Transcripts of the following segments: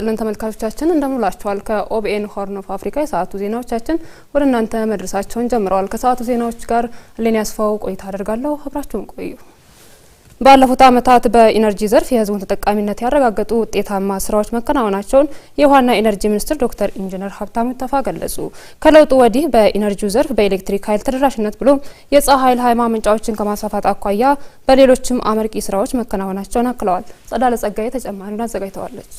ይስጥልን ተመልካቾቻችን እንደምንላችኋል። ከኦቢኤን ሆርን ኦፍ አፍሪካ የሰዓቱ ዜናዎቻችን ወደ እናንተ መድረሳቸውን ጀምረዋል። ከሰዓቱ ዜናዎች ጋር ሌን ያስፋው ቆይታ አደርጋለሁ። አብራችሁን ቆዩ። ባለፉት ዓመታት በኢነርጂ ዘርፍ የህዝቡን ተጠቃሚነት ያረጋገጡ ውጤታማ ስራዎች መከናወናቸውን የውሃና ኢነርጂ ሚኒስትር ዶክተር ኢንጂነር ሀብታሙ ኢተፋ ገለጹ። ከለውጡ ወዲህ በኢነርጂው ዘርፍ በኤሌክትሪክ ኃይል ተደራሽነት ብሎም የፀሐይ ኃይል ሀይማ ማመንጫዎችን ከማስፋፋት አኳያ በሌሎችም አመርቂ ስራዎች መከናወናቸውን አክለዋል። ጸዳለ ጸጋዬ አዘጋጅተዋለች።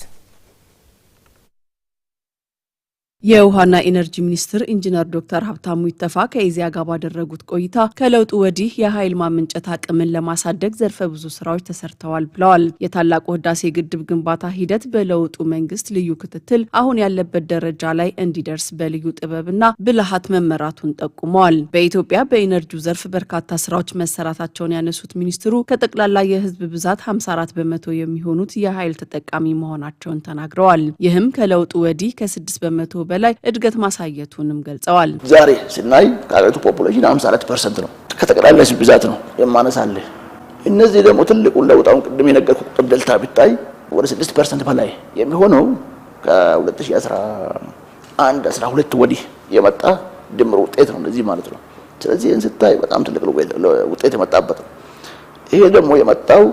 የውሃና ኢነርጂ ሚኒስትር ኢንጂነር ዶክተር ሀብታሙ ይተፋ ከኢዜአ ጋር ባደረጉት ቆይታ ከለውጡ ወዲህ የኃይል ማመንጨት አቅምን ለማሳደግ ዘርፈ ብዙ ስራዎች ተሰርተዋል ብለዋል። የታላቁ ህዳሴ ግድብ ግንባታ ሂደት በለውጡ መንግስት ልዩ ክትትል አሁን ያለበት ደረጃ ላይ እንዲደርስ በልዩ ጥበብና ብልሃት መመራቱን ጠቁመዋል። በኢትዮጵያ በኢነርጂው ዘርፍ በርካታ ስራዎች መሰራታቸውን ያነሱት ሚኒስትሩ ከጠቅላላ የህዝብ ብዛት 54 በመቶ የሚሆኑት የኃይል ተጠቃሚ መሆናቸውን ተናግረዋል። ይህም ከለውጡ ወዲህ ከ6 በመቶ በላይ እድገት ማሳየቱንም ገልጸዋል። ዛሬ ስናይ ከሀገሪቱ ፖፑሌሽን 54 ፐርሰንት ነው። ከጠቅላላ ህዝብ ብዛት ነው የማነሳለ። እነዚህ ደግሞ ትልቁን ለውጥ አሁን ቅድም የነገርኩ ቁጥር ደልታ ቢታይ ወደ 6 ፐርሰንት በላይ የሚሆነው ከ2011 12 ወዲህ የመጣ ድምር ውጤት ነው እንደዚህ ማለት ነው። ስለዚህ ይህን ስታይ በጣም ትልቅ ውጤት የመጣበት ነው። ይሄ ደግሞ የመጣው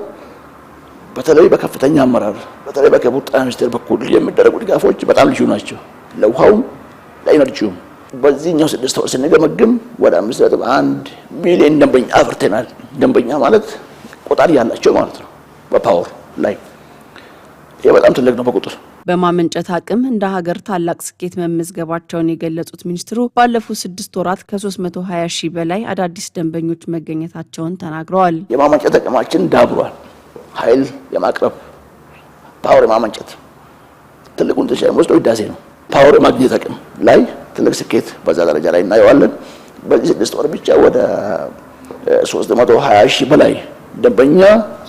በተለይ በከፍተኛ አመራር በተለይ በክቡር ጠቅላይ ሚኒስትር በኩል የሚደረጉ ድጋፎች በጣም ልዩ ናቸው። ለውሃውም ለኢነርጂውም በዚህኛው ስድስት ወር ስንገመግም ወደ አምስት ነጥብ አንድ ሚሊዮን ደንበኛ አፍርተናል። ደንበኛ ማለት ቆጣሪ ያላቸው ማለት ነው። በፓወር ላይ ይህ በጣም ትልቅ ነው በቁጥር በማመንጨት አቅም እንደ ሀገር ታላቅ ስኬት መመዝገባቸውን የገለጹት ሚኒስትሩ ባለፉት ስድስት ወራት ከ320 ሺህ በላይ አዳዲስ ደንበኞች መገኘታቸውን ተናግረዋል። የማመንጨት አቅማችን ዳብሯል። ኃይል የማቅረብ ፓወር የማመንጨት ትልቁን ድርሻ የሚወስደው ህዳሴ ነው። ፓወር ማግኘት አቅም ላይ ትልቅ ስኬት በዛ ደረጃ ላይ እናየዋለን። በዚህ ስድስት ወር ብቻ ወደ ሶስት መቶ ሀያ ሺህ በላይ ደንበኛ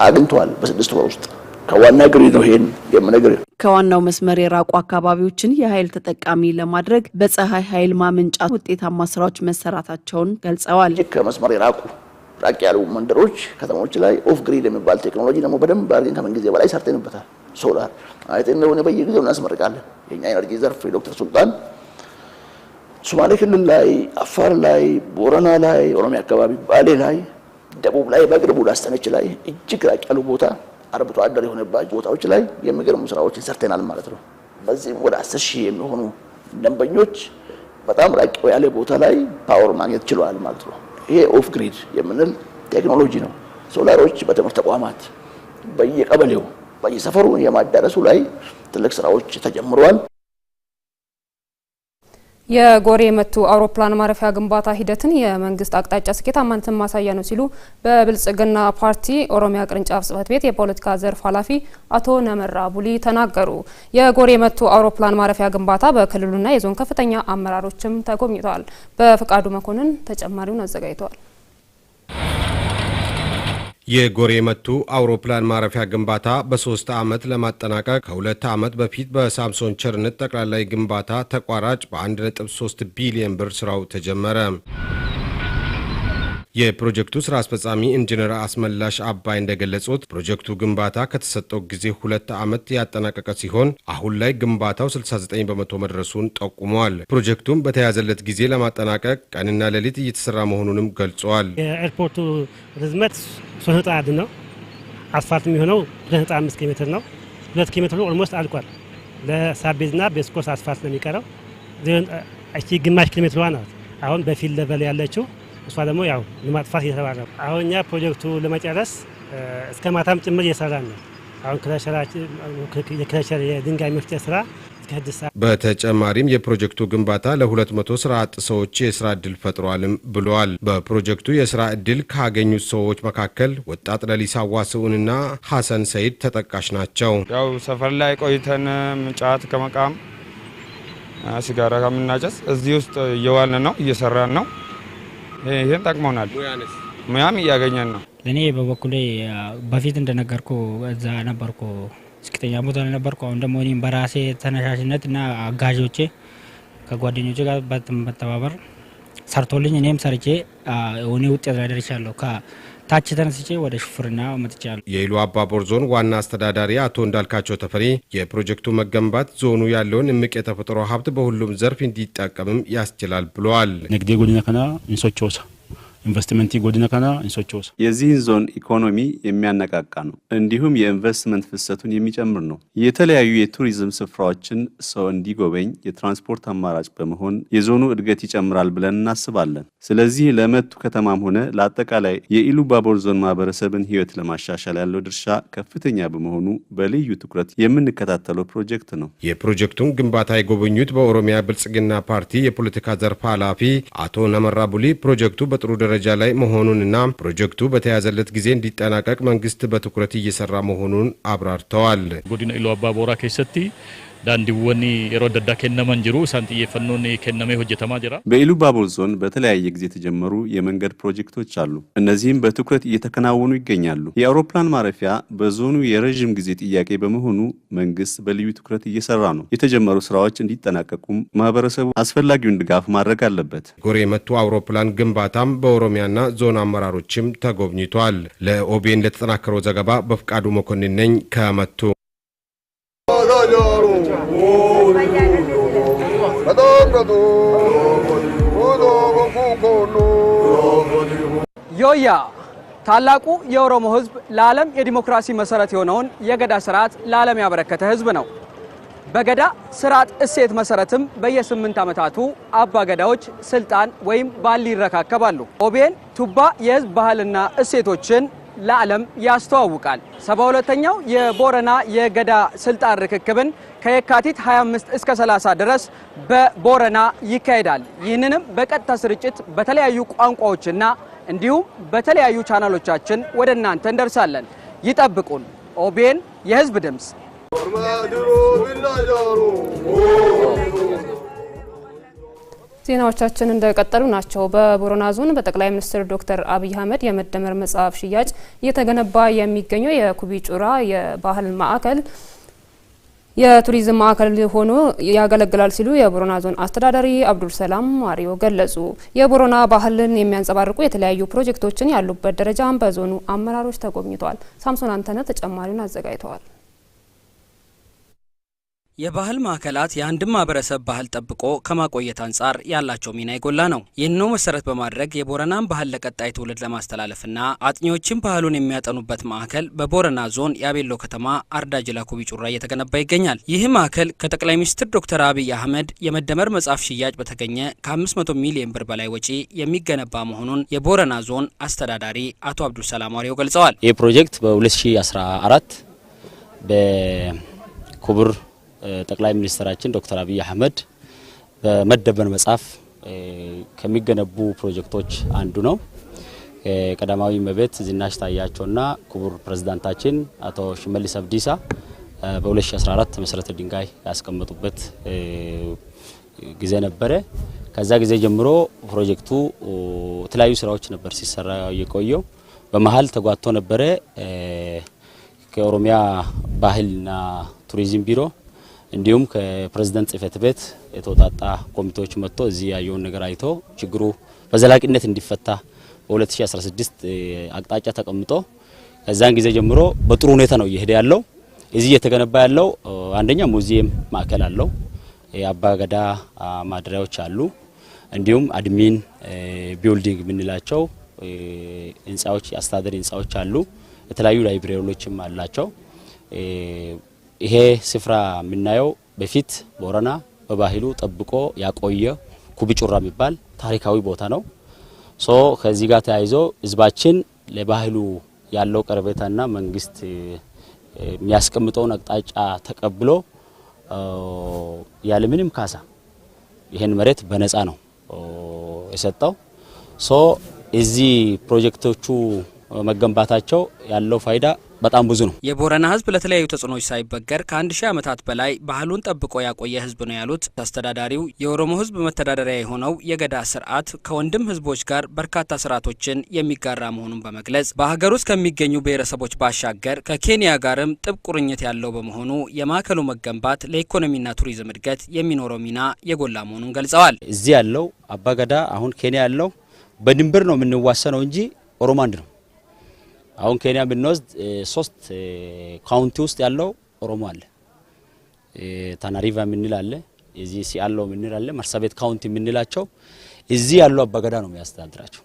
አግኝቷል። በስድስት ወር ውስጥ ከዋና ግሪ ነው ይሄን የምነግር። ከዋናው መስመር የራቁ አካባቢዎችን የኃይል ተጠቃሚ ለማድረግ በፀሐይ ኃይል ማመንጫ ውጤታማ ስራዎች መሰራታቸውን ገልጸዋል። ከመስመር የራቁ ራቅ ያሉ መንደሮች፣ ከተሞች ላይ ኦፍ ግሪድ የሚባል ቴክኖሎጂ ደግሞ በደንብ አድርገን ከምን በላይ ሰርተንበታል። ሶላር አይጤ እንደሆነ በየጊዜው እናስመርቃለን። የኛ ኤነርጂ ዘርፍ የዶክተር ሱልጣን ሶማሌ ክልል ላይ፣ አፋር ላይ፣ ቦረና ላይ፣ ኦሮሚያ አካባቢ ባሌ ላይ፣ ደቡብ ላይ፣ በቅርቡ ላስተነች ላይ እጅግ ራቅ ያሉ ቦታ አርብቶ አደር የሆነባቸው ቦታዎች ላይ የሚገርሙ ስራዎችን ሰርተናል ማለት ነው። በዚህም ወደ አስር ሺህ የሚሆኑ ደንበኞች በጣም ራቅ ያለ ቦታ ላይ ፓወር ማግኘት ችለዋል ማለት ነው። ይሄ ኦፍ ግሪድ የምንል ቴክኖሎጂ ነው። ሶላሮች በትምህርት ተቋማት በየቀበሌው በየሰፈሩ የማዳረሱ ላይ ትልቅ ስራዎች ተጀምረዋል። የጎሬ መቱ አውሮፕላን ማረፊያ ግንባታ ሂደትን የመንግስት አቅጣጫ ስኬታማነትን ማሳያ ነው ሲሉ በብልጽግና ፓርቲ ኦሮሚያ ቅርንጫፍ ጽህፈት ቤት የፖለቲካ ዘርፍ ኃላፊ አቶ ነመራ ቡሊ ተናገሩ። የጎሬ መቱ አውሮፕላን ማረፊያ ግንባታ በክልሉና የዞን ከፍተኛ አመራሮችም ተጎብኝተዋል። በፍቃዱ መኮንን ተጨማሪውን አዘጋጅተዋል። የጎሬ መቱ አውሮፕላን ማረፊያ ግንባታ በሶስት ዓመት ለማጠናቀቅ ከሁለት ዓመት በፊት በሳምሶን ቸርነት ጠቅላላይ ግንባታ ተቋራጭ በ1.3 ቢሊዮን ብር ስራው ተጀመረ። የፕሮጀክቱ ስራ አስፈጻሚ ኢንጂነር አስመላሽ አባይ እንደገለጹት ፕሮጀክቱ ግንባታ ከተሰጠው ጊዜ ሁለት ዓመት ያጠናቀቀ ሲሆን አሁን ላይ ግንባታው 69 በመቶ መድረሱን ጠቁመዋል። ፕሮጀክቱም በተያዘለት ጊዜ ለማጠናቀቅ ቀንና ሌሊት እየተሰራ መሆኑንም ገልጸዋል። የኤርፖርቱ ርዝመት ሶስት ነጥብ ነው። አስፋልት የሚሆነው ሁለት ነጥብ አምስት ኪሎ ነው። ሁለት ኪሎ ሜትሩ ኦልሞስት አልቋል። ለሳቤዝና ቤስኮስ አስፋልት ነው የሚቀረው። ግማሽ ኪሎ ሜትሯ ናት አሁን በፊል ለበል ያለችው እሷ ደግሞ ያው ለማጥፋት እየተባለ ነው። አሁን እኛ ፕሮጀክቱ ለመጨረስ እስከ ማታም ጭምር እየሰራን ነው። አሁን የክረሸር የድንጋይ መፍጨት ስራ በተጨማሪም የፕሮጀክቱ ግንባታ ለ200 ስራ አጥ ሰዎች የስራ እድል ፈጥሯልም ብለዋል። በፕሮጀክቱ የስራ እድል ካገኙት ሰዎች መካከል ወጣት ለሊሳ ዋስውንና ሐሰን ሰይድ ተጠቃሽ ናቸው። ያው ሰፈር ላይ ቆይተን ምጫት ከመቃም ሲጋራ ከምናጨስ እዚህ ውስጥ እየዋልን ነው፣ እየሰራን ነው። ይህም ጠቅሞናል። ሙያም እያገኘን ነው። እኔ በበኩሌ በፊት እንደነገርኩ እዛ ነበርኩ ዝቅተኛ ቦታ ላይ ነበርኩ። አሁን ደግሞ እኔም በራሴ ተነሻሽነት እና አጋዦቼ ከጓደኞቼ ጋር በመተባበር ሰርቶልኝ እኔም ሰርቼ እኔ ውጤት ላይ ደርሻለሁ። ታች ተነስቼ ወደ ሹፍርና መጥቻለሁ። የኢሉ አባቦር ዞን ዋና አስተዳዳሪ አቶ እንዳልካቸው ተፈሪ የፕሮጀክቱ መገንባት ዞኑ ያለውን እምቅ የተፈጥሮ ሀብት በሁሉም ዘርፍ እንዲጠቀምም ያስችላል ብለዋል። ንግዴ ጎዲና ከና ኢንቨስትመንት ጎድነ ከና እንሶቾስ የዚህን ዞን ኢኮኖሚ የሚያነቃቃ ነው፣ እንዲሁም የኢንቨስትመንት ፍሰቱን የሚጨምር ነው። የተለያዩ የቱሪዝም ስፍራዎችን ሰው እንዲጎበኝ የትራንስፖርት አማራጭ በመሆን የዞኑ እድገት ይጨምራል ብለን እናስባለን። ስለዚህ ለመቱ ከተማም ሆነ ለአጠቃላይ የኢሉባቦር ዞን ማህበረሰብን ህይወት ለማሻሻል ያለው ድርሻ ከፍተኛ በመሆኑ በልዩ ትኩረት የምንከታተለው ፕሮጀክት ነው። የፕሮጀክቱን ግንባታ የጎበኙት በኦሮሚያ ብልጽግና ፓርቲ የፖለቲካ ዘርፍ ኃላፊ አቶ ነመራ ቡሊ ፕሮጀክቱ በጥሩ ደረጃ ደረጃ ላይ መሆኑንና ፕሮጀክቱ በተያዘለት ጊዜ እንዲጠናቀቅ መንግስት በትኩረት እየሰራ መሆኑን አብራርተዋል። ጎዲና ኢሉ አባቦራ ቦራ ዳንዲወኒ የሮ ከነመን ጅሩ ሳን ጥየፈኖን ከነመ ሆጀተማ ጅራ በኢሉባቦር ዞን በተለያየ ጊዜ የተጀመሩ የመንገድ ፕሮጀክቶች አሉ። እነዚህም በትኩረት እየተከናወኑ ይገኛሉ። የአውሮፕላን ማረፊያ በዞኑ የረዥም ጊዜ ጥያቄ በመሆኑ መንግስት በልዩ ትኩረት እየሰራ ነው። የተጀመሩ ስራዎች እንዲጠናቀቁም ማህበረሰቡ አስፈላጊውን ድጋፍ ማድረግ አለበት። ጎሬ መቱ አውሮፕላን ግንባታም በኦሮሚያና ዞን አመራሮችም ተጎብኝቷል። ለኦቤን ለተጠናከረው ዘገባ በፍቃዱ መኮንን ነኝ ከመቱ ዮያ ታላቁ የኦሮሞ ህዝብ ለዓለም የዲሞክራሲ መሰረት የሆነውን የገዳ ስርዓት ለዓለም ያበረከተ ህዝብ ነው። በገዳ ስርዓት እሴት መሰረትም በየስምንት ዓመታቱ አባ ገዳዎች ስልጣን ወይም ባል ይረካከባሉ። ኦቤን ቱባ የህዝብ ባህልና እሴቶችን ለዓለም ያስተዋውቃል። ሰባ ሁለተኛው የቦረና የገዳ ስልጣን ርክክብን ከየካቲት 25 እስከ 30 ድረስ በቦረና ይካሄዳል። ይህንንም በቀጥታ ስርጭት በተለያዩ ቋንቋዎችና እንዲሁም በተለያዩ ቻናሎቻችን ወደ እናንተ እንደርሳለን። ይጠብቁን። ኦቤን የህዝብ ድምፅ ዜናዎቻችን እንደቀጠሉ ናቸው። በቦረና ዞን በጠቅላይ ሚኒስትር ዶክተር አብይ አህመድ የመደመር መጽሐፍ ሽያጭ እየተገነባ የሚገኘው የኩቢ ጩራ የባህል ማዕከል የቱሪዝም ማዕከል ሆኖ ያገለግላል ሲሉ የቦረና ዞን አስተዳዳሪ አብዱል ሰላም ማሪዮ ገለጹ። የቦረና ባህልን የሚያንጸባርቁ የተለያዩ ፕሮጀክቶችን ያሉበት ደረጃ በዞኑ አመራሮች ተጎብኝተዋል። ሳምሶን አንተነ ተጨማሪውን አዘጋጅተዋል። የባህል ማዕከላት የአንድን ማህበረሰብ ባህል ጠብቆ ከማቆየት አንጻር ያላቸው ሚና የጎላ ነው። ይህንኑ መሰረት በማድረግ የቦረናን ባህል ለቀጣይ ትውልድ ለማስተላለፍና አጥኚዎችን ባህሉን የሚያጠኑበት ማዕከል በቦረና ዞን የአቤሎ ከተማ አርዳ ጅላ ኩቢ ጩራ እየተገነባ ይገኛል። ይህ ማዕከል ከጠቅላይ ሚኒስትር ዶክተር አብይ አህመድ የመደመር መጽሐፍ ሽያጭ በተገኘ ከ500 ሚሊዮን ብር በላይ ወጪ የሚገነባ መሆኑን የቦረና ዞን አስተዳዳሪ አቶ አብዱልሰላም ዋሪው ገልጸዋል። ይህ ፕሮጀክት በ2014 በክቡር ጠቅላይ ሚኒስትራችን ዶክተር አብይ አህመድ በመደበን መጽሐፍ ከሚገነቡ ፕሮጀክቶች አንዱ ነው። ቀዳማዊ እመቤት ዝናሽ ታያቸውና ክቡር ፕሬዝዳንታችን አቶ ሽመልስ አብዲሳ በ2014 መሰረተ ድንጋይ ያስቀመጡበት ጊዜ ነበረ። ከዛ ጊዜ ጀምሮ ፕሮጀክቱ የተለያዩ ስራዎች ነበር ሲሰራ የቆየው። በመሀል ተጓቶ ነበረ። ከኦሮሚያ ባህልና ቱሪዝም ቢሮ እንዲሁም ከፕሬዝዳንት ጽህፈት ቤት የተውጣጣ ኮሚቴዎች መጥቶ እዚህ ያየውን ነገር አይቶ ችግሩ በዘላቂነት እንዲፈታ በ2016 አቅጣጫ ተቀምጦ ከዛን ጊዜ ጀምሮ በጥሩ ሁኔታ ነው እየሄደ ያለው። እዚህ እየተገነባ ያለው አንደኛ ሙዚየም ማዕከል አለው፣ የአባገዳ ማደሪያዎች አሉ፣ እንዲሁም አድሚን ቢልዲንግ የምንላቸው ህንፃዎች የአስተዳደር ህንፃዎች አሉ። የተለያዩ ላይብሬሪዎችም አላቸው። ይሄ ስፍራ የምናየው በፊት ቦረና በባህሉ ጠብቆ ያቆየ ኩብጩራ የሚባል ታሪካዊ ቦታ ነው። ሶ ከዚህ ጋር ተያይዞ ህዝባችን ለባህሉ ያለው ቀረቤታና መንግስት የሚያስቀምጠውን አቅጣጫ ተቀብሎ ያለምንም ካሳ ይህን መሬት በነፃ ነው የሰጠው። ሶ እዚህ ፕሮጀክቶቹ መገንባታቸው ያለው ፋይዳ በጣም ብዙ ነው። የቦረና ህዝብ ለተለያዩ ተጽዕኖዎች ሳይበገር ከአንድ ሺህ ዓመታት በላይ ባህሉን ጠብቆ ያቆየ ህዝብ ነው ያሉት አስተዳዳሪው የኦሮሞ ህዝብ መተዳደሪያ የሆነው የገዳ ስርዓት ከወንድም ህዝቦች ጋር በርካታ ስርዓቶችን የሚጋራ መሆኑን በመግለጽ በሀገር ውስጥ ከሚገኙ ብሔረሰቦች ባሻገር ከኬንያ ጋርም ጥብቅ ቁርኝት ያለው በመሆኑ የማዕከሉ መገንባት ለኢኮኖሚና ቱሪዝም እድገት የሚኖረው ሚና የጎላ መሆኑን ገልጸዋል። እዚህ ያለው አባገዳ አሁን ኬንያ ያለው በድንበር ነው የምንዋሰነው እንጂ ኦሮሞ አንድ ነው። አሁን ኬንያ ብንወስድ ሶስት ካውንቲ ውስጥ ያለው ኦሮሞ አለ። ታናሪቫ የምንል አለ፣ እዚህ ሲያለው የምንል አለ፣ መርሳቤት ካውንቲ የምንላቸው እዚህ ያለው አባገዳ ነው የሚያስተዳድራቸው።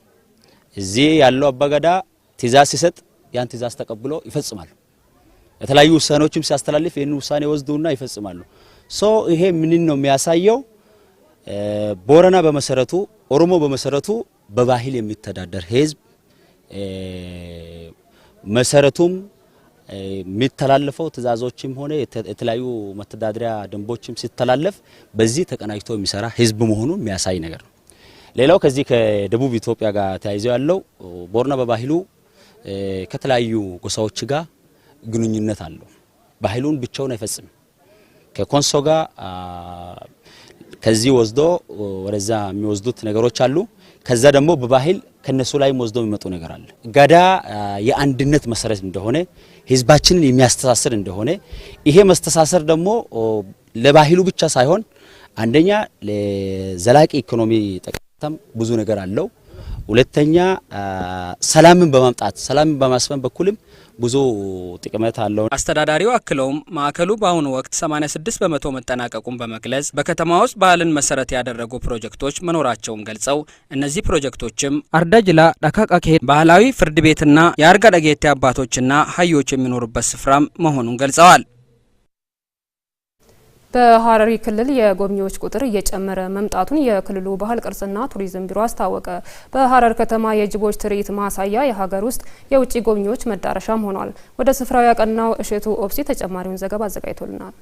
እዚህ ያለው አባገዳ ትእዛዝ ሲሰጥ ያን ትእዛዝ ተቀብሎ ይፈጽማሉ። የተለያዩ ውሳኔዎችም ሲያስተላልፍ ይህን ውሳኔ ወስዱና ይፈጽማሉ። ሶ ይሄ ምንን ነው የሚያሳየው? ቦረና በመሰረቱ ኦሮሞ በመሰረቱ በባህል የሚተዳደር ህዝብ መሰረቱም የሚተላለፈው ትእዛዞችም ሆነ የተለያዩ መተዳደሪያ ደንቦችም ሲተላለፍ በዚህ ተቀናጅቶ የሚሰራ ህዝብ መሆኑን የሚያሳይ ነገር ነው። ሌላው ከዚህ ከደቡብ ኢትዮጵያ ጋር ተያይዞ ያለው ቦርና በባህሉ ከተለያዩ ጎሳዎች ጋር ግንኙነት አለው። ባህሉን ብቻውን አይፈጽም። ከኮንሶ ጋር ከዚህ ወስዶ ወደዛ የሚወስዱት ነገሮች አሉ። ከዛ ደግሞ በባህል ከነሱ ላይ ወስዶ የሚመጡ ነገር አለ። ገዳ የአንድነት መሰረት እንደሆነ ህዝባችንን የሚያስተሳስር እንደሆነ ይሄ መስተሳሰር ደግሞ ለባህሉ ብቻ ሳይሆን አንደኛ ለዘላቂ ኢኮኖሚ ጠቀሜታም ብዙ ነገር አለው። ሁለተኛ ሰላምን በማምጣት ሰላምን በማስፈን በኩልም ብዙ ጥቅመት አለው። አስተዳዳሪው አክለውም ማዕከሉ በአሁኑ ወቅት 86 በመቶ መጠናቀቁን በመግለጽ በከተማ ውስጥ ባህልን መሰረት ያደረጉ ፕሮጀክቶች መኖራቸውን ገልጸው እነዚህ ፕሮጀክቶችም አርዳጅላ ዳካቃኬ ባህላዊ ፍርድ ቤትና የአርጋ ደጌቴ አባቶችና ሀዮች የሚኖሩበት ስፍራም መሆኑን ገልጸዋል። በሐረሪ ክልል የጎብኚዎች ቁጥር እየጨመረ መምጣቱን የክልሉ ባህል ቅርስና ቱሪዝም ቢሮ አስታወቀ። በሐረር ከተማ የጅቦች ትርኢት ማሳያ የሀገር ውስጥ የውጭ ጎብኚዎች መዳረሻም ሆኗል። ወደ ስፍራው ያቀናው እሸቱ ኦፕሲ ተጨማሪውን ዘገባ አዘጋጅቶልናል።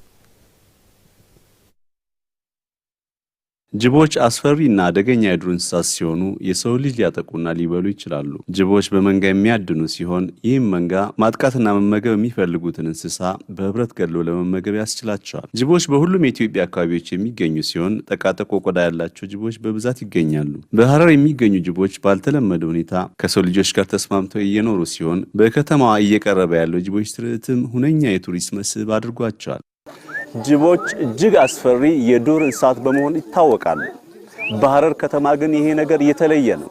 ጅቦች አስፈሪ እና አደገኛ የዱር እንስሳት ሲሆኑ የሰው ልጅ ሊያጠቁና ሊበሉ ይችላሉ። ጅቦች በመንጋ የሚያድኑ ሲሆን ይህም መንጋ ማጥቃትና መመገብ የሚፈልጉትን እንስሳ በህብረት ገድሎ ለመመገብ ያስችላቸዋል። ጅቦች በሁሉም የኢትዮጵያ አካባቢዎች የሚገኙ ሲሆን ጠቃጠቆ ቆዳ ያላቸው ጅቦች በብዛት ይገኛሉ። በሐረር የሚገኙ ጅቦች ባልተለመደ ሁኔታ ከሰው ልጆች ጋር ተስማምተው እየኖሩ ሲሆን፣ በከተማዋ እየቀረበ ያለው ጅቦች ትርኢትም ሁነኛ የቱሪስት መስህብ አድርጓቸዋል። ጅቦች እጅግ አስፈሪ የዱር እንስሳት በመሆን ይታወቃሉ። በሐረር ከተማ ግን ይሄ ነገር የተለየ ነው።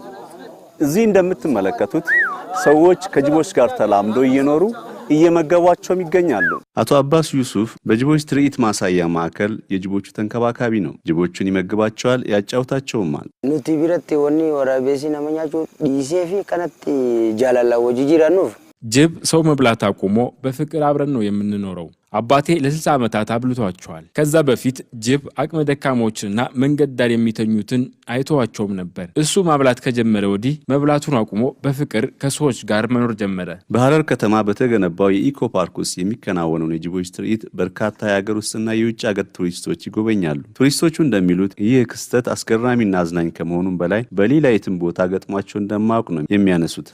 እዚህ እንደምትመለከቱት ሰዎች ከጅቦች ጋር ተላምዶ እየኖሩ እየመገቧቸውም ይገኛሉ። አቶ አባስ ዩሱፍ በጅቦች ትርኢት ማሳያ ማዕከል የጅቦቹ ተንከባካቢ ነው። ጅቦቹን ይመግባቸዋል፣ ያጫውታቸውማል። ኑቲ ቢረት ወኒ ወራቤሲ ነመኛቹ ዲሴፊ ቀነት ጃላላ ወጂጂራኑፍ ጅብ ሰው መብላት አቁሞ በፍቅር አብረን ነው የምንኖረው አባቴ ለ60 ዓመታት አብልቷቸዋል። ከዛ በፊት ጅብ አቅመ ደካሞችንና መንገድ ዳር የሚተኙትን አይተዋቸውም ነበር። እሱ ማብላት ከጀመረ ወዲህ መብላቱን አቁሞ በፍቅር ከሰዎች ጋር መኖር ጀመረ። በሐረር ከተማ በተገነባው የኢኮ ፓርክ ውስጥ የሚከናወነውን የጅቦች ትርኢት በርካታ የአገር ውስጥና የውጭ አገር ቱሪስቶች ይጎበኛሉ። ቱሪስቶቹ እንደሚሉት ይህ ክስተት አስገራሚና አዝናኝ ከመሆኑም በላይ በሌላ የትም ቦታ ገጥሟቸው እንደማያውቅ ነው የሚያነሱት።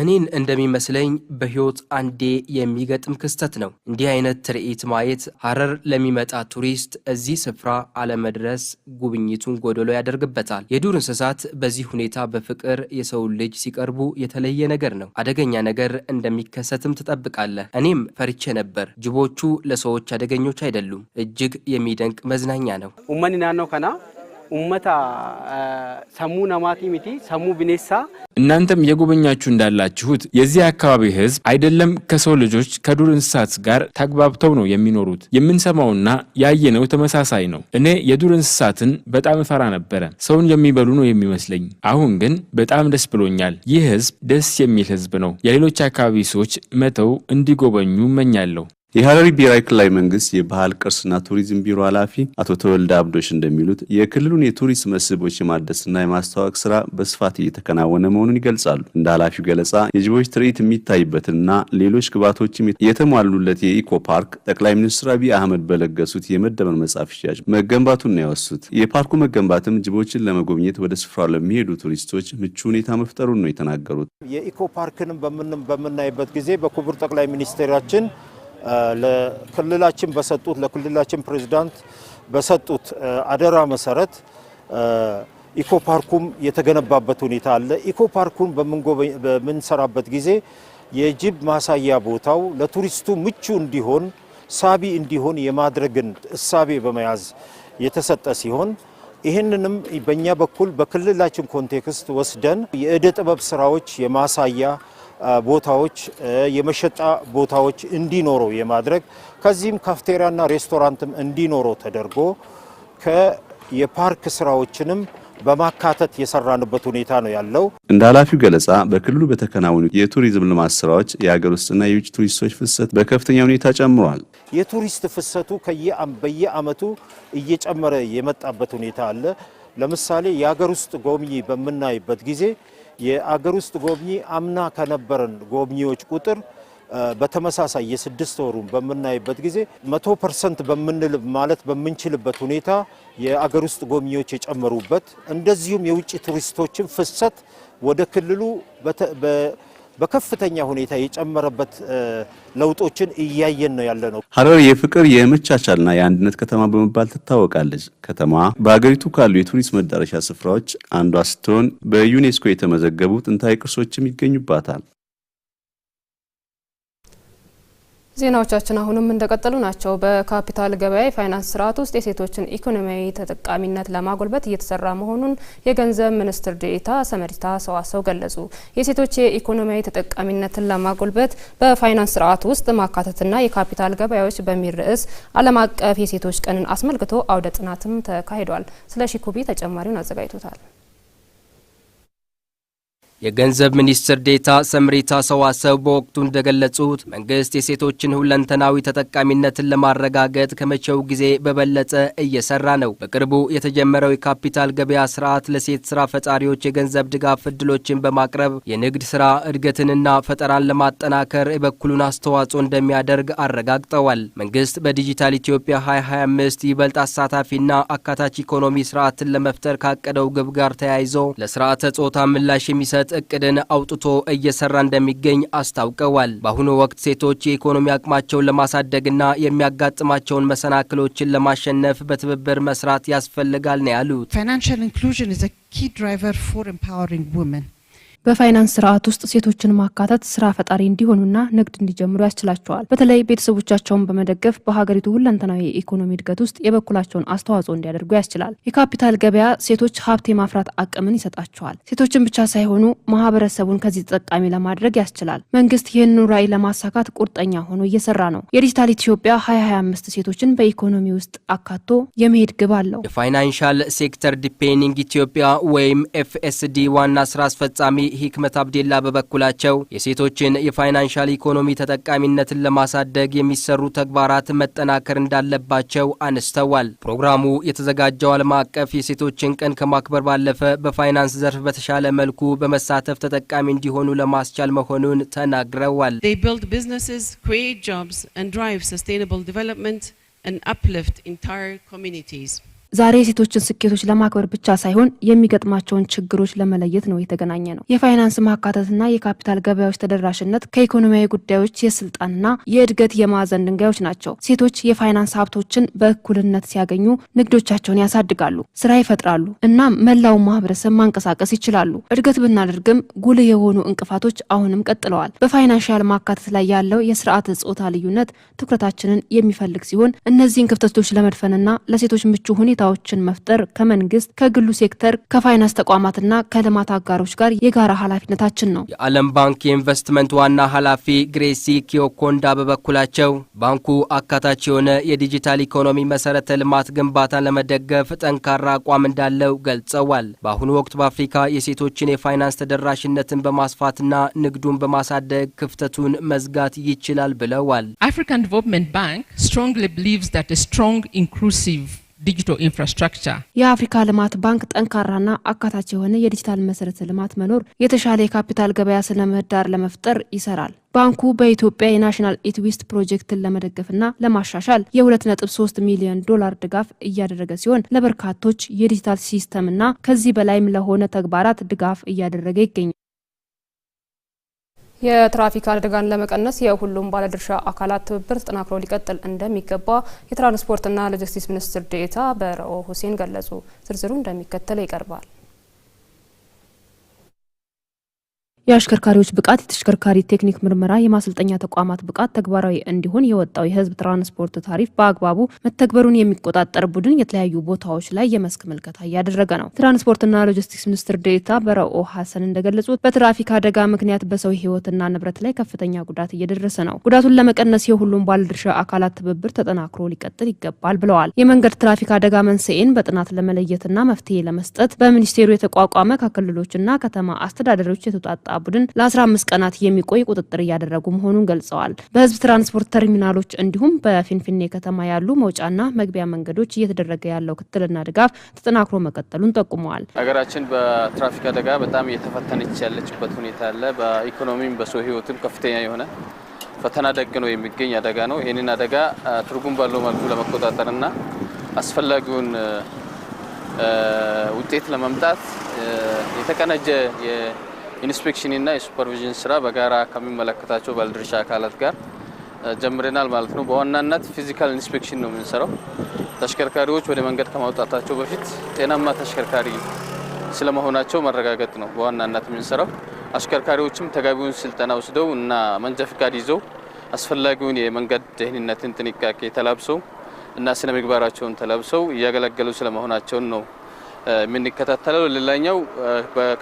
እኔን እንደሚመስለኝ በህይወት አንዴ የሚገጥም ክስተት ነው። እንዲህ አይነት ትርኢት ማየት ሀረር ለሚመጣ ቱሪስት እዚህ ስፍራ አለመድረስ ጉብኝቱን ጎደሎ ያደርግበታል። የዱር እንስሳት በዚህ ሁኔታ በፍቅር የሰውን ልጅ ሲቀርቡ የተለየ ነገር ነው። አደገኛ ነገር እንደሚከሰትም ትጠብቃለህ። እኔም ፈርቼ ነበር። ጅቦቹ ለሰዎች አደገኞች አይደሉም። እጅግ የሚደንቅ መዝናኛ ነው። ኡመኒ ናኖ ከና ኡመታ ሰሙ ነማቲ ሚቲ ሰሙ ቢኔሳ እናንተም የጎበኛችሁ እንዳላችሁት የዚህ አካባቢ ህዝብ አይደለም ከሰው ልጆች ከዱር እንስሳት ጋር ተግባብተው ነው የሚኖሩት። የምንሰማውና ያየነው ተመሳሳይ ነው። እኔ የዱር እንስሳትን በጣም እፈራ ነበረ። ሰውን የሚበሉ ነው የሚመስለኝ። አሁን ግን በጣም ደስ ብሎኛል። ይህ ህዝብ ደስ የሚል ህዝብ ነው። የሌሎች አካባቢ ሰዎች መተው እንዲጎበኙ እመኛለሁ። የሀረሪ ብሔራዊ ክልላዊ መንግስት የባህል ቅርስና ቱሪዝም ቢሮ ኃላፊ አቶ ተወልደ አብዶሽ እንደሚሉት የክልሉን የቱሪስት መስህቦች የማደስና የማስተዋወቅ ስራ በስፋት እየተከናወነ መሆኑን ይገልጻሉ። እንደ ኃላፊው ገለጻ የጅቦች ትርኢት የሚታይበትና ሌሎች ግብዓቶችም የተሟሉለት የኢኮ ፓርክ ጠቅላይ ሚኒስትር አብይ አህመድ በለገሱት የመደመር መጽሐፍ ሽያጭ መገንባቱን ያወሱት። የፓርኩ መገንባትም ጅቦችን ለመጎብኘት ወደ ስፍራው ለሚሄዱ ቱሪስቶች ምቹ ሁኔታ መፍጠሩን ነው የተናገሩት። የኢኮ ፓርክን በምናይበት ጊዜ በክቡር ጠቅላይ ሚኒስቴራችን ለክልላችን በሰጡት ለክልላችን ፕሬዝዳንት በሰጡት አደራ መሰረት ኢኮ ፓርኩም የተገነባበት ሁኔታ አለ። ኢኮ ፓርኩን በምንሰራበት ጊዜ የጅብ ማሳያ ቦታው ለቱሪስቱ ምቹ እንዲሆን ሳቢ እንዲሆን የማድረግን እሳቤ በመያዝ የተሰጠ ሲሆን ይህንንም በእኛ በኩል በክልላችን ኮንቴክስት ወስደን የእደ ጥበብ ስራዎች የማሳያ ቦታዎች የመሸጫ ቦታዎች እንዲኖረው የማድረግ ከዚህም ካፍቴሪያና ሬስቶራንትም እንዲኖረው ተደርጎ የፓርክ ስራዎችንም በማካተት የሰራንበት ሁኔታ ነው ያለው። እንደ ኃላፊው ገለጻ በክልሉ በተከናወኑ የቱሪዝም ልማት ስራዎች የሀገር ውስጥና የውጭ ቱሪስቶች ፍሰት በከፍተኛ ሁኔታ ጨምሯል። የቱሪስት ፍሰቱ በየአመቱ እየጨመረ የመጣበት ሁኔታ አለ። ለምሳሌ የሀገር ውስጥ ጎብኚ በምናይበት ጊዜ የአገር ውስጥ ጎብኚ አምና ከነበረን ጎብኚዎች ቁጥር በተመሳሳይ የስድስት ወሩን በምናይበት ጊዜ መቶ ፐርሰንት በምንል ማለት በምንችልበት ሁኔታ የአገር ውስጥ ጎብኚዎች የጨመሩበት እንደዚሁም የውጭ ቱሪስቶችን ፍሰት ወደ ክልሉ በከፍተኛ ሁኔታ የጨመረበት ለውጦችን እያየን ነው ያለ ነው። ሀረር የፍቅር የመቻቻልና የአንድነት ከተማ በመባል ትታወቃለች። ከተማ በሀገሪቱ ካሉ የቱሪስት መዳረሻ ስፍራዎች አንዷ ስትሆን በዩኔስኮ የተመዘገቡ ጥንታዊ ቅርሶችም ይገኙባታል። ዜናዎቻችን አሁንም እንደቀጠሉ ናቸው። በካፒታል ገበያ የፋይናንስ ስርዓት ውስጥ የሴቶችን ኢኮኖሚያዊ ተጠቃሚነት ለማጎልበት እየተሰራ መሆኑን የገንዘብ ሚኒስትር ዴኤታ ሰመሪታ ሰዋሰው ገለጹ። የሴቶች የኢኮኖሚያዊ ተጠቃሚነትን ለማጎልበት በፋይናንስ ስርዓት ውስጥ ማካተትና የካፒታል ገበያዎች በሚል ርዕስ ዓለም አቀፍ የሴቶች ቀንን አስመልክቶ አውደ ጥናትም ተካሂዷል። ስለ ሺኩቢ ተጨማሪውን አዘጋጅቶታል። የገንዘብ ሚኒስትር ዴታ ሰምሪታ ሰዋሰው በወቅቱ እንደገለጹት መንግስት የሴቶችን ሁለንተናዊ ተጠቃሚነትን ለማረጋገጥ ከመቼው ጊዜ በበለጠ እየሰራ ነው። በቅርቡ የተጀመረው የካፒታል ገበያ ስርዓት ለሴት ስራ ፈጣሪዎች የገንዘብ ድጋፍ እድሎችን በማቅረብ የንግድ ስራ እድገትንና ፈጠራን ለማጠናከር የበኩሉን አስተዋጽኦ እንደሚያደርግ አረጋግጠዋል። መንግስት በዲጂታል ኢትዮጵያ 2025 ይበልጥ አሳታፊና አካታች ኢኮኖሚ ስርዓትን ለመፍጠር ካቀደው ግብ ጋር ተያይዞ ለስርዓተ ጾታ ምላሽ የሚሰጥ ለማሟላት እቅድን አውጥቶ እየሰራ እንደሚገኝ አስታውቀዋል። በአሁኑ ወቅት ሴቶች የኢኮኖሚ አቅማቸውን ለማሳደግና የሚያጋጥማቸውን መሰናክሎችን ለማሸነፍ በትብብር መስራት ያስፈልጋል ነው ያሉት። ፋይናንሻል ኢንክሉዥን ኢዝ ኪ ድራይቨር ፎር ኤምፓወሪንግ ውመን በፋይናንስ ስርዓት ውስጥ ሴቶችን ማካተት ስራ ፈጣሪ እንዲሆኑና ንግድ እንዲጀምሩ ያስችላቸዋል። በተለይ ቤተሰቦቻቸውን በመደገፍ በሀገሪቱ ሁለንተናዊ የኢኮኖሚ እድገት ውስጥ የበኩላቸውን አስተዋጽኦ እንዲያደርጉ ያስችላል። የካፒታል ገበያ ሴቶች ሀብት የማፍራት አቅምን ይሰጣቸዋል። ሴቶችን ብቻ ሳይሆኑ ማህበረሰቡን ከዚህ ተጠቃሚ ለማድረግ ያስችላል። መንግስት ይህንኑ ራዕይ ለማሳካት ቁርጠኛ ሆኖ እየሰራ ነው። የዲጂታል ኢትዮጵያ 2025 ሴቶችን በኢኮኖሚ ውስጥ አካቶ የመሄድ ግብ አለው። የፋይናንሻል ሴክተር ዲፔንዲንግ ኢትዮጵያ ወይም ኤፍኤስዲ ዋና ስራ አስፈጻሚ ሂክመት አብዴላ በበኩላቸው የሴቶችን የፋይናንሻል ኢኮኖሚ ተጠቃሚነትን ለማሳደግ የሚሰሩ ተግባራት መጠናከር እንዳለባቸው አነስተዋል። ፕሮግራሙ የተዘጋጀው ዓለም አቀፍ የሴቶችን ቀን ከማክበር ባለፈ በፋይናንስ ዘርፍ በተሻለ መልኩ በመሳተፍ ተጠቃሚ እንዲሆኑ ለማስቻል መሆኑን ተናግረዋል። ሪቭ ሰስቴናብል ዲቨሎፕመንት አንድ አፕሊፍት ኢንታየር ኮሚኒቲስ ዛሬ የሴቶችን ስኬቶች ለማክበር ብቻ ሳይሆን የሚገጥማቸውን ችግሮች ለመለየት ነው የተገናኘ ነው። የፋይናንስ ማካተትና የካፒታል ገበያዎች ተደራሽነት ከኢኮኖሚያዊ ጉዳዮች የስልጣንና የእድገት የማዕዘን ድንጋዮች ናቸው። ሴቶች የፋይናንስ ሀብቶችን በእኩልነት ሲያገኙ ንግዶቻቸውን ያሳድጋሉ፣ ስራ ይፈጥራሉ እና መላውን ማህበረሰብ ማንቀሳቀስ ይችላሉ። እድገት ብናደርግም ጉልህ የሆኑ እንቅፋቶች አሁንም ቀጥለዋል። በፋይናንሽያል ማካተት ላይ ያለው የስርዓተ ጾታ ልዩነት ትኩረታችንን የሚፈልግ ሲሆን እነዚህን ክፍተቶች ለመድፈንና ለሴቶች ምቹ ሁኔታ ሁኔታዎችን መፍጠር ከመንግስት ከግሉ ሴክተር ከፋይናንስ ተቋማትና ከልማት አጋሮች ጋር የጋራ ኃላፊነታችን ነው። የዓለም ባንክ የኢንቨስትመንት ዋና ኃላፊ ግሬሲ ኪዮኮንዳ በበኩላቸው ባንኩ አካታች የሆነ የዲጂታል ኢኮኖሚ መሰረተ ልማት ግንባታ ለመደገፍ ጠንካራ አቋም እንዳለው ገልጸዋል። በአሁኑ ወቅት በአፍሪካ የሴቶችን የፋይናንስ ተደራሽነትን በማስፋትና ንግዱን በማሳደግ ክፍተቱን መዝጋት ይችላል ብለዋል። African Development Bank strongly believes that a strong, inclusive ዲጂታል ኢንፍራስትራክቸር የአፍሪካ ልማት ባንክ ጠንካራና አካታች የሆነ የዲጂታል መሰረተ ልማት መኖር የተሻለ የካፒታል ገበያ ስነ ምህዳር ለመፍጠር ይሰራል። ባንኩ በኢትዮጵያ የናሽናል ኢትዊስት ፕሮጀክትን ለመደገፍና ለማሻሻል የ2.3 ሚሊዮን ዶላር ድጋፍ እያደረገ ሲሆን ለበርካቶች የዲጂታል ሲስተምና ከዚህ በላይም ለሆነ ተግባራት ድጋፍ እያደረገ ይገኛል። የትራፊክ አደጋን ለመቀነስ የሁሉም ባለድርሻ አካላት ትብብር ተጠናክሮ ሊቀጥል እንደሚገባ የትራንስፖርትና ሎጂስቲክስ ሚኒስትር ዴኤታ በረኦ ሁሴን ገለጹ። ዝርዝሩ እንደሚከተለው ይቀርባል። የአሽከርካሪዎች ብቃት የተሽከርካሪ ቴክኒክ ምርመራ የማሰልጠኛ ተቋማት ብቃት ተግባራዊ እንዲሆን የወጣው የህዝብ ትራንስፖርት ታሪፍ በአግባቡ መተግበሩን የሚቆጣጠር ቡድን የተለያዩ ቦታዎች ላይ የመስክ ምልከታ እያደረገ ነው። ትራንስፖርትና ሎጂስቲክስ ሚኒስትር ዴታ በረኦ ሀሰን እንደገለጹት በትራፊክ አደጋ ምክንያት በሰው ሕይወትና ንብረት ላይ ከፍተኛ ጉዳት እየደረሰ ነው። ጉዳቱን ለመቀነስ የሁሉም ባለድርሻ አካላት ትብብር ተጠናክሮ ሊቀጥል ይገባል ብለዋል። የመንገድ ትራፊክ አደጋ መንስኤን በጥናት ለመለየትና መፍትሄ ለመስጠት በሚኒስቴሩ የተቋቋመ ከክልሎችና ከተማ አስተዳደሮች የተውጣጣ ቡድን ለ15 ቀናት የሚቆይ ቁጥጥር እያደረጉ መሆኑን ገልጸዋል። በህዝብ ትራንስፖርት ተርሚናሎች እንዲሁም በፊንፊኔ ከተማ ያሉ መውጫና መግቢያ መንገዶች እየተደረገ ያለው ክትትልና ድጋፍ ተጠናክሮ መቀጠሉን ጠቁመዋል። ሀገራችን በትራፊክ አደጋ በጣም እየተፈተነች ያለችበት ሁኔታ አለ። በኢኮኖሚም በሰው ህይወትም ከፍተኛ የሆነ ፈተና ነው የሚገኝ አደጋ ነው። ይህንን አደጋ ትርጉም ባለው መልኩ ለመቆጣጠርና አስፈላጊውን ውጤት ለመምጣት የተቀነጀ ኢንስፔክሽንና የሱፐርቪዥን ስራ በጋራ ከሚመለከታቸው ባለድርሻ አካላት ጋር ጀምረናል ማለት ነው። በዋናነት ፊዚካል ኢንስፔክሽን ነው የምንሰራው። ተሽከርካሪዎች ወደ መንገድ ከማውጣታቸው በፊት ጤናማ ተሽከርካሪ ስለመሆናቸው መረጋገጥ ነው በዋናነት የምንሰራው። አሽከርካሪዎችም ተገቢውን ስልጠና ወስደው እና መንጃ ፍቃድ ይዘው አስፈላጊውን የመንገድ ደህንነትን ጥንቃቄ ተላብሰው እና ስነ ምግባራቸውን ተላብሰው እያገለገሉ ስለመሆናቸውን ነው የምንከታተለው። ሌላኛው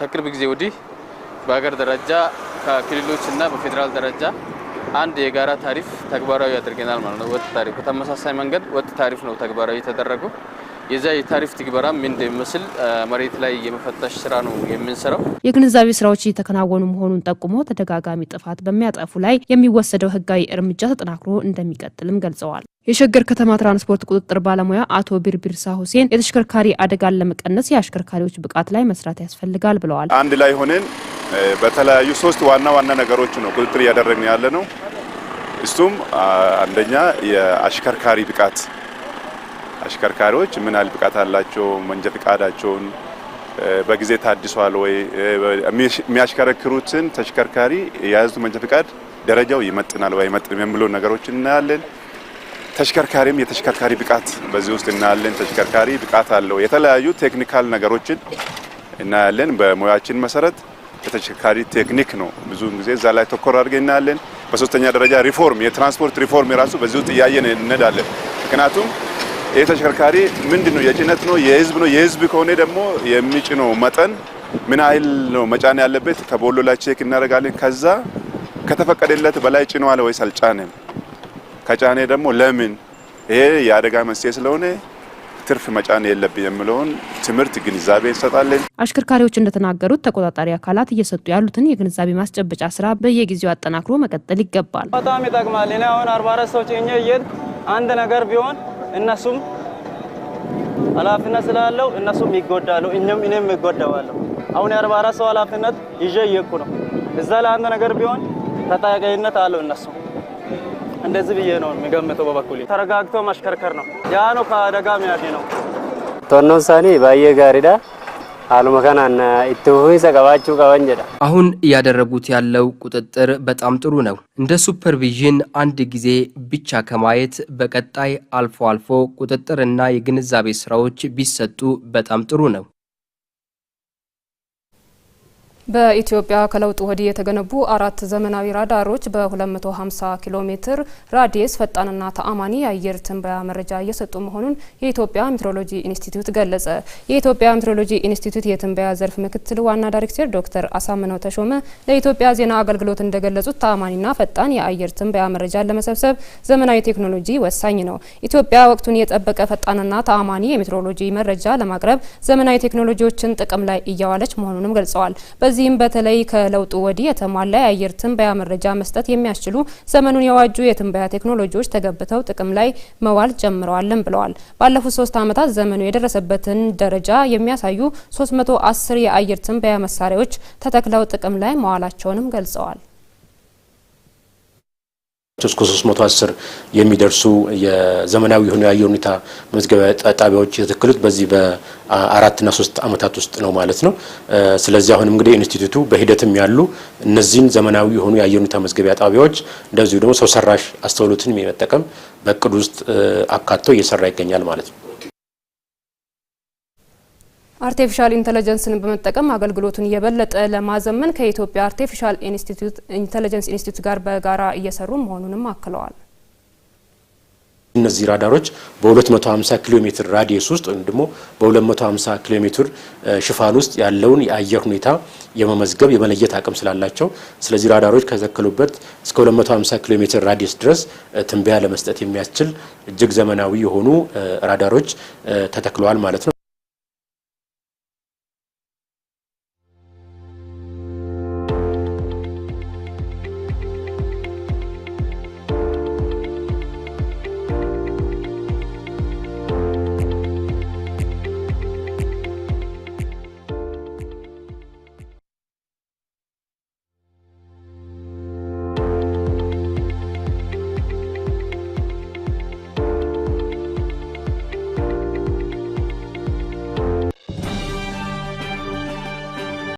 ከቅርብ ጊዜ ወዲህ በሀገር ደረጃ ከክልሎች እና በፌዴራል ደረጃ አንድ የጋራ ታሪፍ ተግባራዊ አድርገናል ማለት ነው። ወጥ ታሪፍ በተመሳሳይ መንገድ ወጥ ታሪፍ ነው ተግባራዊ የተደረገው። የዛ የታሪፍ ትግበራም እንደሚመስል መሬት ላይ የመፈተሽ ስራ ነው የምንሰራው። የግንዛቤ ስራዎች እየተከናወኑ መሆኑን ጠቁሞ ተደጋጋሚ ጥፋት በሚያጠፉ ላይ የሚወሰደው ህጋዊ እርምጃ ተጠናክሮ እንደሚቀጥልም ገልጸዋል። የሸገር ከተማ ትራንስፖርት ቁጥጥር ባለሙያ አቶ ቢርቢርሳ ሁሴን የተሽከርካሪ አደጋን ለመቀነስ የአሽከርካሪዎች ብቃት ላይ መስራት ያስፈልጋል ብለዋል። አንድ ላይ ሆነን በተለያዩ ሶስት ዋና ዋና ነገሮች ነው ቁጥጥር እያደረግን ያለ ነው። እሱም አንደኛ የአሽከርካሪ ብቃት፣ አሽከርካሪዎች ምን ያህል ብቃት አላቸው፣ መንጃ ፈቃዳቸውን በጊዜ ታድሷል ወይ፣ የሚያሽከረክሩትን ተሽከርካሪ የያዙት መንጃ ፍቃድ ደረጃው ይመጥናል ወይ አይመጥንም የሚሉ ነገሮች እናያለን። ተሽከርካሪም የተሽከርካሪ ብቃት በዚህ ውስጥ እናያለን። ተሽከርካሪ ብቃት አለው የተለያዩ ቴክኒካል ነገሮችን እናያለን በሙያችን መሰረት የተሽከርካሪ ቴክኒክ ነው። ብዙውን ጊዜ እዛ ላይ ተኮር አድርገን እናያለን። በሶስተኛ ደረጃ ሪፎርም፣ የትራንስፖርት ሪፎርም የራሱ በዚህ ውስጥ እያየን እንሄዳለን። ምክንያቱም ይህ ተሽከርካሪ ምንድን ነው? የጭነት ነው፣ የህዝብ ነው። የህዝብ ከሆነ ደግሞ የሚጭነው መጠን ምን ያህል ነው መጫን ያለበት? ተቦሎ ላይ ቼክ እናደርጋለን። ከዛ ከተፈቀደለት በላይ ጭነዋል ወይስ አልጫንም? ከጫኔ ደግሞ ለምን? ይሄ የአደጋ መንስኤ ስለሆነ ትርፍ መጫን የለብን የሚለውን ትምህርት ግንዛቤ እንሰጣለን። አሽከርካሪዎች እንደተናገሩት ተቆጣጣሪ አካላት እየሰጡ ያሉትን የግንዛቤ ማስጨበጫ ስራ በየጊዜው አጠናክሮ መቀጠል ይገባል። በጣም ይጠቅማል። እኔ አሁን አርባ አራት ሰዎች እኛ እየሄድኩ አንድ ነገር ቢሆን እነሱም ኃላፊነት ስላለው እነሱም ይጎዳሉ፣ እኛም እኔም ይጎዳዋለሁ። አሁን የአርባ አራት ሰው ኃላፊነት ይዤ እየሄድኩ ነው። እዛ ለአንድ ነገር ቢሆን ተጠያቂነት አለው እነሱም እንደዚህ ብዬ ነው የሚገምተው። በበኩል ተረጋግቶ መሽከርከር ነው። ያ ነው ከአደጋ ሚያድ ነው ቶኖ ሳኒ ባዬ ጋሪዳ አልመከናና ኢትሁይሰ ቀባችሁ ቀበን ጀዳ አሁን እያደረጉት ያለው ቁጥጥር በጣም ጥሩ ነው። እንደ ሱፐርቪዥን አንድ ጊዜ ብቻ ከማየት በቀጣይ አልፎ አልፎ ቁጥጥርና የግንዛቤ ስራዎች ቢሰጡ በጣም ጥሩ ነው። በኢትዮጵያ ከለውጥ ወዲህ የተገነቡ አራት ዘመናዊ ራዳሮች በ250 ኪሎ ሜትር ራዲየስ ፈጣንና ተአማኒ የአየር ትንበያ መረጃ እየሰጡ መሆኑን የኢትዮጵያ ሜትሮሎጂ ኢንስቲትዩት ገለጸ። የኢትዮጵያ ሜትሮሎጂ ኢንስቲትዩት የትንበያ ዘርፍ ምክትል ዋና ዳይሬክተር ዶክተር አሳምነው ተሾመ ለኢትዮጵያ ዜና አገልግሎት እንደገለጹት ተአማኒና ፈጣን የአየር ትንበያ መረጃን ለመሰብሰብ ዘመናዊ ቴክኖሎጂ ወሳኝ ነው። ኢትዮጵያ ወቅቱን የጠበቀ ፈጣንና ተአማኒ የሜትሮሎጂ መረጃ ለማቅረብ ዘመናዊ ቴክኖሎጂዎችን ጥቅም ላይ እያዋለች መሆኑንም ገልጸዋል። በዚህም በተለይ ከለውጡ ወዲህ የተሟላ የአየር ትንበያ መረጃ መስጠት የሚያስችሉ ዘመኑን የዋጁ የትንበያ ቴክኖሎጂዎች ተገብተው ጥቅም ላይ መዋል ጀምረዋልን ብለዋል። ባለፉት ሶስት ዓመታት ዘመኑ የደረሰበትን ደረጃ የሚያሳዩ 310 የአየር ትንበያ መሳሪያዎች ተተክለው ጥቅም ላይ መዋላቸውንም ገልጸዋል። እስከ 310 የሚደርሱ የዘመናዊ የሆኑ የአየር ሁኔታ መዝገቢያ ጣቢያዎች የተተከሉት በዚህ በአራትና ሶስት ዓመታት ውስጥ ነው ማለት ነው። ስለዚህ አሁንም እንግዲህ ኢንስቲትዩቱ በሂደትም ያሉ እነዚህን ዘመናዊ የሆኑ የአየር ሁኔታ መዝገቢያ ጣቢያዎች እንደዚሁ ደግሞ ሰው ሰራሽ አስተውሎትን የመጠቀም በእቅድ ውስጥ አካቶ እየሰራ ይገኛል ማለት ነው። አርቲፊሻል ኢንተለጀንስን በመጠቀም አገልግሎቱን የበለጠ ለማዘመን ከኢትዮጵያ አርቲፊሻል ኢንተለጀንስ ኢንስቲትዩት ጋር በጋራ እየሰሩ መሆኑንም አክለዋል። እነዚህ ራዳሮች በ250 ኪሎ ሜትር ራዲየስ ውስጥ ወይም ደግሞ በ250 ኪሎ ሜትር ሽፋን ውስጥ ያለውን የአየር ሁኔታ የመመዝገብ የመለየት አቅም ስላላቸው፣ ስለዚህ ራዳሮች ከዘከሉበት እስከ 250 ኪሎ ሜትር ራዲየስ ድረስ ትንበያ ለመስጠት የሚያስችል እጅግ ዘመናዊ የሆኑ ራዳሮች ተተክለዋል ማለት ነው።